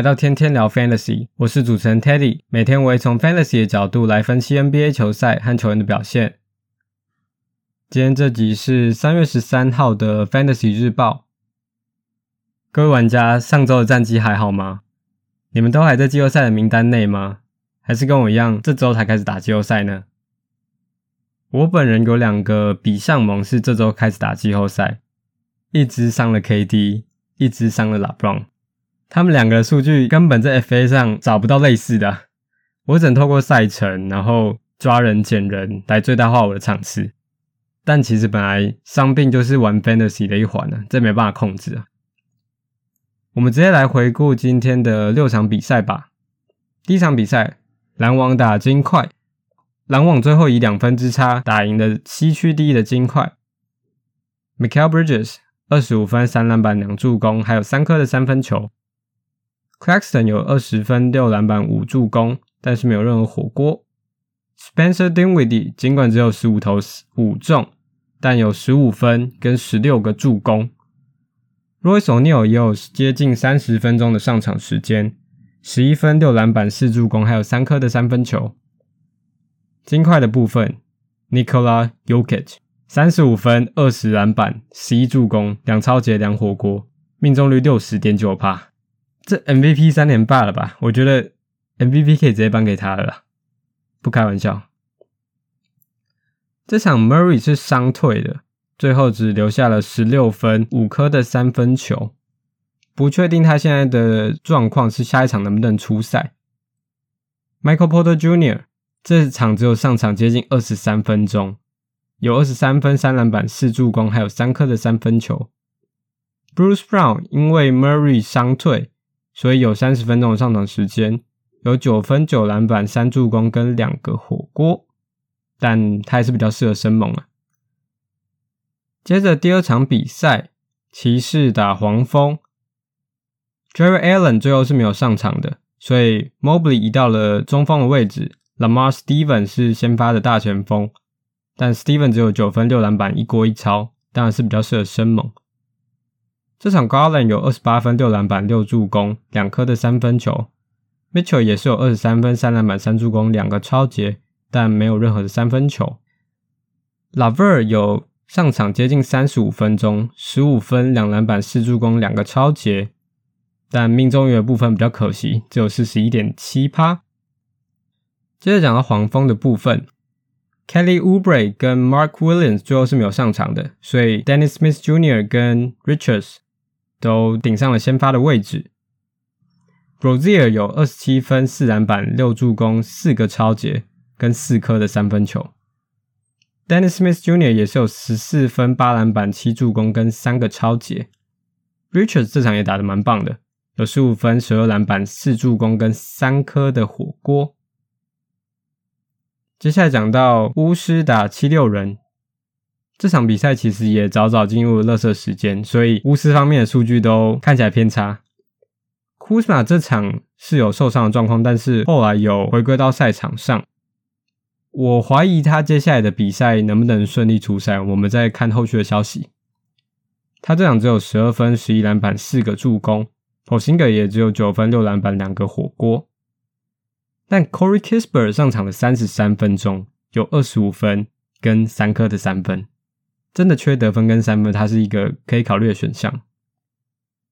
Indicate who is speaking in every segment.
Speaker 1: 來到天天聊 Fantasy，我是主持人 Teddy。每天我會從 Fantasy 的角度來分析 NBA 球賽和球員的表現。今天這集是三月十三號的 Fantasy 日報。各位玩家，上周的戰績還好嗎？你們都還在季後賽的名單內嗎？還是跟我一樣，這周才開始打季後賽呢？我本人有兩個比上盟是這周開始打季後賽，一支傷了 KD，一支傷了老 Bron 他們兩個的數據根本在 FA 上找不到類似的啊。我只能透過賽程，然後抓人撿人來最大化我的場次。但其實本來傷病就是玩 Fantasy 的一環啊，這沒辦法控制啊。我們直接來回顧今天的六場比賽吧。第一場比賽，籃網打金塊，籃網最後以兩分之差打贏了西區第一的金塊。Mikal Bridges 二十五分、三籃板、兩助攻，還有三顆的三分球。Claxton 有二十分六籃板五助攻，但是沒有任何火鍋。Spencer Dinwiddie 儘管只有十五投五中，但有十五分跟十六個助攻。Royce O'Neale 也有接近三十分鐘的上場時間，十一分六籃板四助攻，還有三顆的三分球。金塊的部分，Nikola Jokic 三十五分二十籃板十一助攻，兩抄截兩火鍋，命中率六十點九帕。這是 MVP 三連霸了吧？我覺得 MVP 可以直接頒給他了吧，不開玩笑。這場 Murray 是傷退的，最後只留下了十六分五顆的三分球，不確定他現在的狀況是下一場能不能出賽。Michael Porter Jr. 這場只有上場接近二十三分鐘，有二十三分三籃板四助攻，還有三顆的三分球。Bruce Brown 因為 Murray 傷退，所以有三十分鐘的上場時間，有九分九籃板三助攻跟兩個火鍋，但他還是比較適合生猛啊。接着第二場比賽，騎士打黃蜂，Jarrett Allen 最後是沒有上場的，所以 Mobley 移到了中鋒的位置，Lamar Stevens 是先發的大前鋒，但 Stevens 只有九分六籃板一鍋一抄，當然是比較適合生猛。這場 Garland 有二十八分、六籃板、六助攻、兩顆的三分球。Mitchell 也是有二十三分、三籃板、三助攻、兩個抄截，但沒有任何的三分球。LeVert 有上場接近三十五分鐘，十五分、兩籃板、四助攻、兩個抄截，但命中率的部分比較可惜，只有四十一點七趴。接着講到黃蜂的部分，Kelly Oubre 跟 Mark Williams 最後是沒有上場的，所以 Dennis Smith Jr. 跟 Richards。都頂上了先發的位置。Rozier 有二十七分、四籃板、六助攻、四個抄截跟四顆的三分球。Dennis Smith Jr. 也是有十四分、八籃板、七助攻跟三個抄截。Richards 這場也打得蠻棒的，有十五分、十二籃板、四助攻跟三顆的火鍋。接下來講到巫師打七六人。這場比賽其實也早早進入了垃圾時間，所以巫師方面的數據都看起來偏差。庫斯馬這場是有受傷的狀況，但是後來有回歸到賽場上。我懷疑他接下來的比賽能不能順利出賽，我們再看後續的消息。他這場只有十二分、十一籃板、四個助攻。普辛格也只有九分、六籃板、兩個火鍋。但 Corey Kispert 上場的三十三分鐘，有二十五分跟三顆的三分。真的缺得分跟三分，他是一個可以考慮的選項。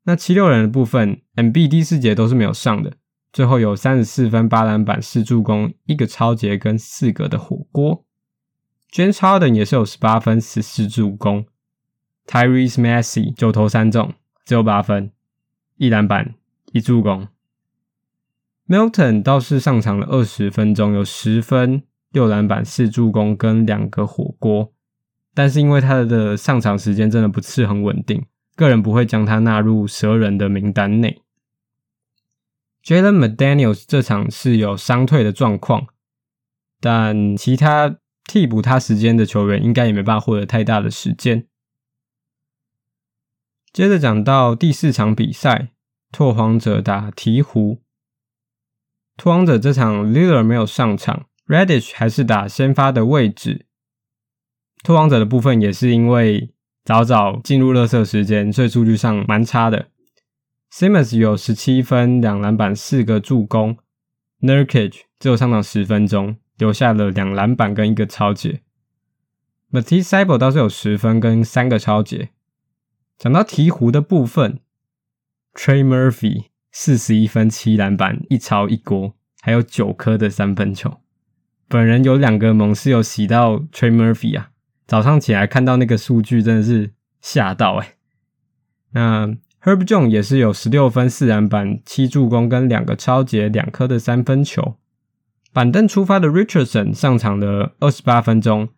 Speaker 1: 那七六人的部分，M B 第四節都是沒有上的，最後有三十四分、八籃板、四助攻，一個抄截跟四個的火鍋。James Harden 也是有十八分、十四助攻。Tyrese Maxey 九投三中，只有八分、一籃板、一助攻。Milton 倒是上場了二十分鐘，有十分、六籃板、四助攻跟兩個火鍋。但是因為他的上場時間真的不是很穩定，個人不會將他納入12人的名單內。Jalen McDaniels 這場是有傷退的狀況，但其他替補他時間的球員應該也沒辦法獲得太大的時間。接着講到第四場比賽，拓荒者打鹈鶘。拓荒者這場 Lillard 沒有上場，Reddish 還是打先發的位置。拓荒者的部分也是因為早早進入垃圾時間，所以數據上蠻差的。Simons 有十七分、兩籃板、四個助攻。Nurkic 只有上場十分鐘，留下了兩籃板跟一個抄截。Matisse Thybulle 倒是有十分跟三個抄截。講到鵜鶘的部分，Trey Murphy 四十一分、七籃板、一抄一鍋，還有九顆的三分球。本人有兩個盟是有洗到 Trey Murphy 啊。早上起來看到那個數據，真的是嚇到哎、欸！那 Herb Jones 也是有十六分四籃板七助攻跟兩個抄截兩顆的三分球。板凳出發的 Richardson 上場了二十八分鐘，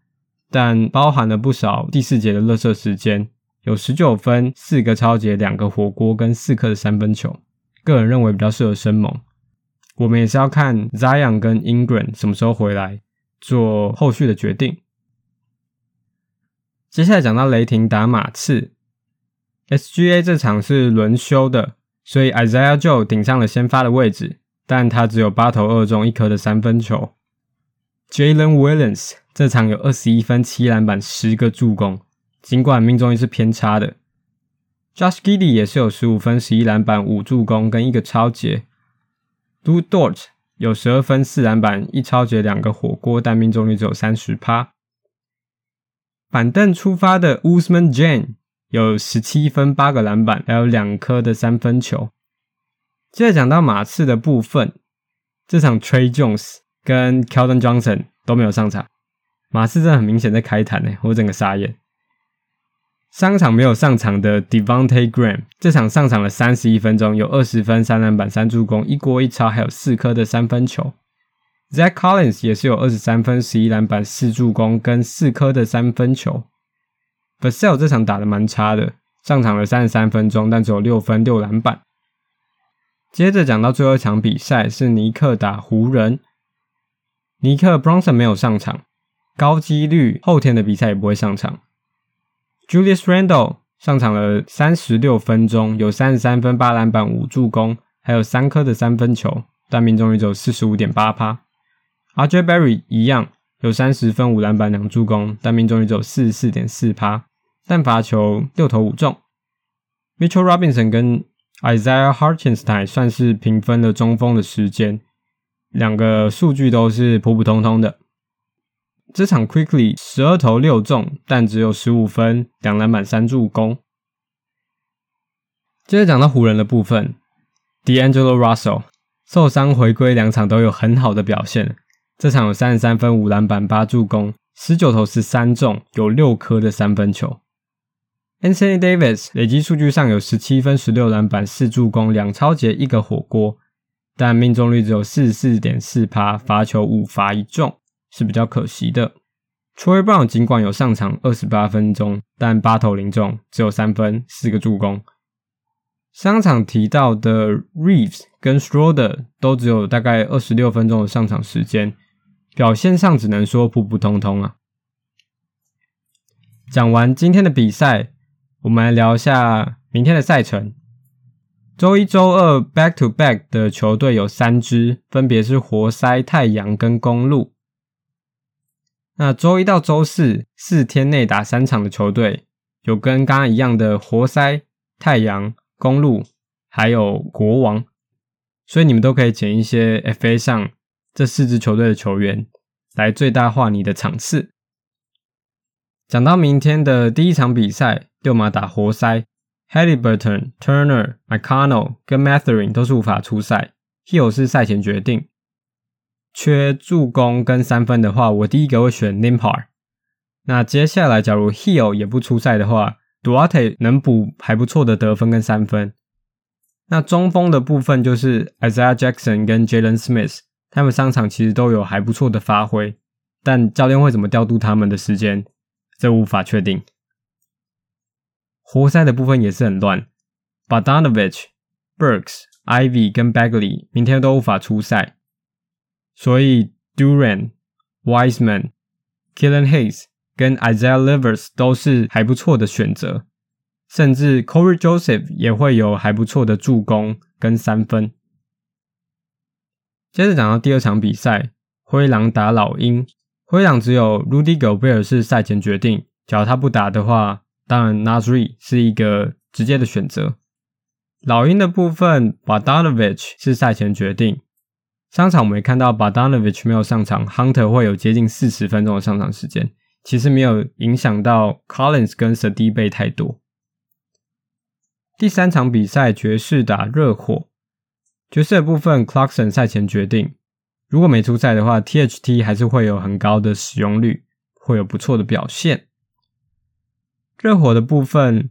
Speaker 1: 但包含了不少第四節的垃圾時間，有十九分四個抄截兩個火鍋跟四顆的三分球。個人認為比較適合生猛。我們也是要看 Zion 跟 Ingram 什麼時候回來做後續的決定。接下來講到雷霆打馬刺，SGA 這場是輪休的，所以 Isaiah Joe 頂上了先發的位置，但他只有八投二中一顆的三分球。Jaylen Williams 這場有二十一分七籃板十個助攻，盡管命中率是偏差的。Josh Giddey 也是有十五分十一籃板五助攻跟一個抄截。Dude Dort 有十二分四籃板一抄截兩個火鍋，但命中率只有三十趴。板凳出發的 Usman Jane 有十七分、八個籃板，還有兩顆的三分球。接着講到馬刺的部分，這場 Tre Jones 跟 Keldon Johnson 都沒有上場，馬刺真的很明顯在開壇呢，我整個傻眼。商場沒有上場的 Devonte Graham，這場上場了三十一分鐘，有二十分、三籃板、三助攻、一鍋一抄，還有四顆的三分球。Zach Collins 也是有二十三分、十一籃板、四助攻跟四顆的三分球，Vassell 這場打得蠻差的，上場了三十三分鐘，但只有六分、六籃板。接着講到最後一場比賽是尼克打湖人，尼克 Brunson 沒有上場，高幾率後天的比賽也不會上場。Julius Randle 上場了三十六分鐘，有三十三分、八籃板、五助攻，還有三顆的三分球，但命中率只有四十五點八趴。RJ Barrett 一樣有三十分、五籃板、兩助攻，但命中率只有四十四點四趴，但罰球六投五中。Mitchell Robinson 跟 Isaiah Hartenstein 算是平分了中鋒的時間，兩個數據都是普普通通的。這場 Quickley 十二投六中，但只有十五分、兩籃板、三助攻。接着講到湖人的部分，D'Angelo Russell 受傷回歸兩場都有很好的表現。這場有三十三分、五籃板、八助攻，十九投十三中，有六顆的三分球。Anthony Davis 累計數據上有十七分、十六籃板、四助攻、兩抄截、一個火鍋，但命中率只有四十四點四趴，罰球五罰一中，是比較可惜的。Troy Brown 儘管有上場二十八分鐘，但八投零中，只有三分、四個助攻。商場提到的 Reeves 跟 Schroeder 都只有大概二十六分鐘的上場時間。表現上只能說普普通通啊。講完今天的比賽，我們來聊一下明天的賽程週週。周一周二 back to back 的球隊有三支，分別是活塞、太陽跟公路。那周一到周四，四天內打三場的球隊，有跟剛剛一樣的活塞、太陽、公路，還有國王。所以你們都可以撿一些 FA 上。這四支球隊的球員來最大化你的場次。講到明天的第一場比賽，溜馬打活塞，Haliburton Turner、McConnell 跟 Mathurin 都是無法出賽。Hill 是賽前決定，缺助攻跟三分的話，我第一個會選 Nembhard。那接下來，假如 Hill 也不出賽的話，Duarte 能補還不錯的得分跟三分。那中鋒的部分就是 Isaiah Jackson 跟 Jalen Smith。他們上場其實都有還不錯的發揮，但教練會怎麼調度他們的時間，這無法確定。活塞的部分也是很亂。Bogdanovic, Burks, Ivey 跟 Bagley 明天都無法出賽。所以 ,Duren, Wiseman, Killian Hayes 跟 Isaiah Livers 都是還不錯的選擇。甚至 ,Cory Joseph 也會有還不錯的助攻跟三分。接着講到第二場比賽，灰狼打老鷹。灰狼只有 Rudy Gobert 是賽前決定，只要他不打的話，當然 Naz Reid 是一個直接的選擇。老鷹的部分，Badanovich 是賽前決定。上場我們也看到 Badanovich 沒有上場，Hunter 會有接近四十分鐘的上場時間，其實沒有影響到 Collins 跟 Saddiq Bey 太多。第三場比賽，爵士打熱火。角色的部分，Clarkson 賽前決定，如果沒出賽的話，THT 還是會有很高的使用率，會有不錯的表現。熱火的部分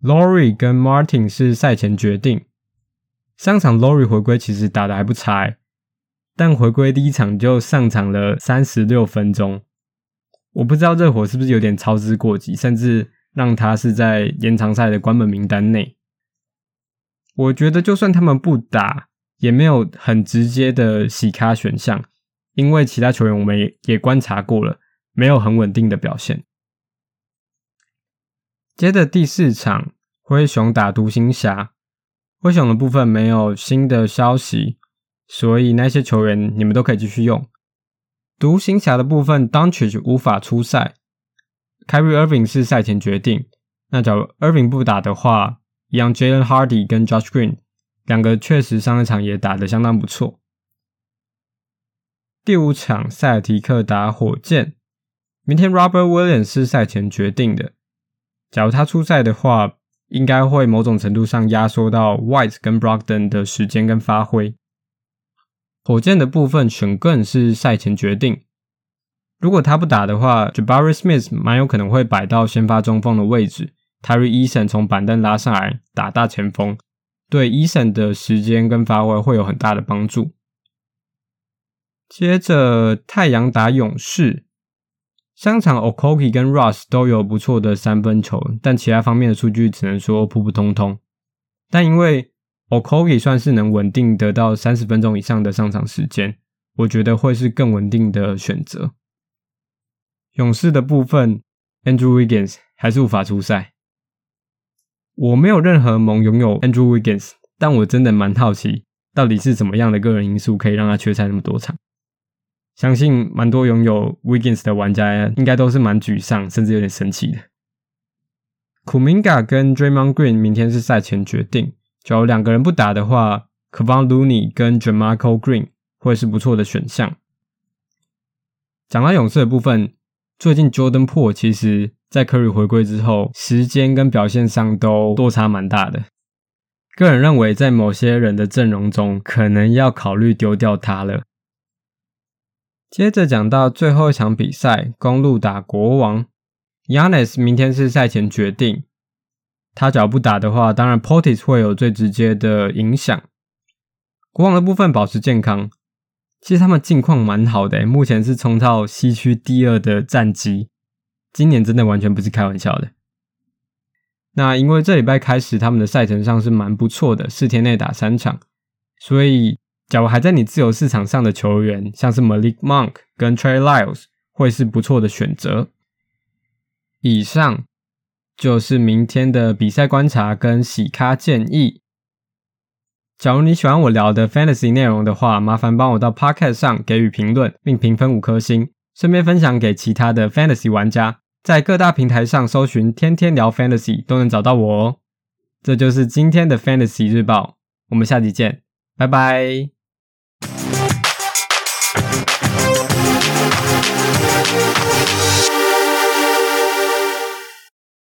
Speaker 1: ，Lori 跟 Martin 是賽前決定。上場 Lori 回歸其實打得還不差，但回歸第一場就上場了三十六分鐘。我不知道熱火是不是有點操之過急，甚至讓他是在延長賽的關門名單內。我覺得就算他們不打，也沒有很直接的洗咖選項，因為其他球員我們也也觀察過了，沒有很穩定的表現。接着第四場，灰熊打獨行俠，灰熊的部分沒有新的消息，所以那些球員你們都可以繼續用。獨行俠的部分，Doncic 無法出賽，Kyrie Irving 是賽前決定，那假如 Irving 不打的話，一樣 Jalen Hardy 跟 Josh Green。兩個確實上一場也打得相當不錯。第五場塞爾提克打火箭，明天 Robert Williams 是賽前決定的。假如他出賽的話，應該會某種程度上壓縮到 White 跟 Brogdon 的時間跟發揮。火箭的部分選更是賽前決定。如果他不打的話，Jabari Smith 蠻有可能會擺到先發中鋒的位置，Tari Eason 從板凳拉上來打大前鋒。對 Eason 的時間跟發揮會有很大的幫助。接着太陽打勇士，上場 Okogie 跟 Russ 都有不錯的三分球，但其他方面的數據只能說普普通通。但因為 Okogie 算是能穩定得到三十分鐘以上的上場時間，我覺得會是更穩定的選擇。勇士的部分，Andrew Wiggins 還是無法出賽。我沒有任何盟擁有 Andrew Wiggins，但我真的蠻好奇，到底是怎麼樣的個人因素可以讓他缺賽那麼多場？相信蠻多擁有 Wiggins 的玩家應該都是蠻沮喪，甚至有點生氣的。Kuminga 跟 Draymond Green 明天是賽前決定，只要兩個人不打的話，Kevon Looney 跟 JaMychal Green 會是不錯的選項。講到勇士的部分，最近 Jordan Poole 其實，在科里回歸之後，時間跟表現上都落差蠻大的。個人認為，在某些人的陣容中，可能要考慮丟掉他了。接着講到最後一場比賽，公鹿打國王。Giannis 明天是賽前決定，他只要不打的話，當然 Portis 會有最直接的影響。國王的部分保持健康，其實他們近況蠻好的，目前是衝到西區第二的戰績。今年真的完全不是開玩笑的。那因為這禮拜開始，他們的賽程上是蠻不錯的，四天內打三場，所以假如還在你自由市場上的球員，像是 Malik Monk 跟 Trey Lyles，會是不錯的選擇。以上就是明天的比賽觀察跟洗咖建議。假如你喜歡我聊的 Fantasy 內容的話，麻煩幫我到 Podcast 上給予評論，並評分五顆星。順便分享給其他的 Fantasy 玩家，在各大平台上搜尋“天天聊 Fantasy” 都能找到我哦。這就是今天的 Fantasy 日報，我們下期見，拜拜。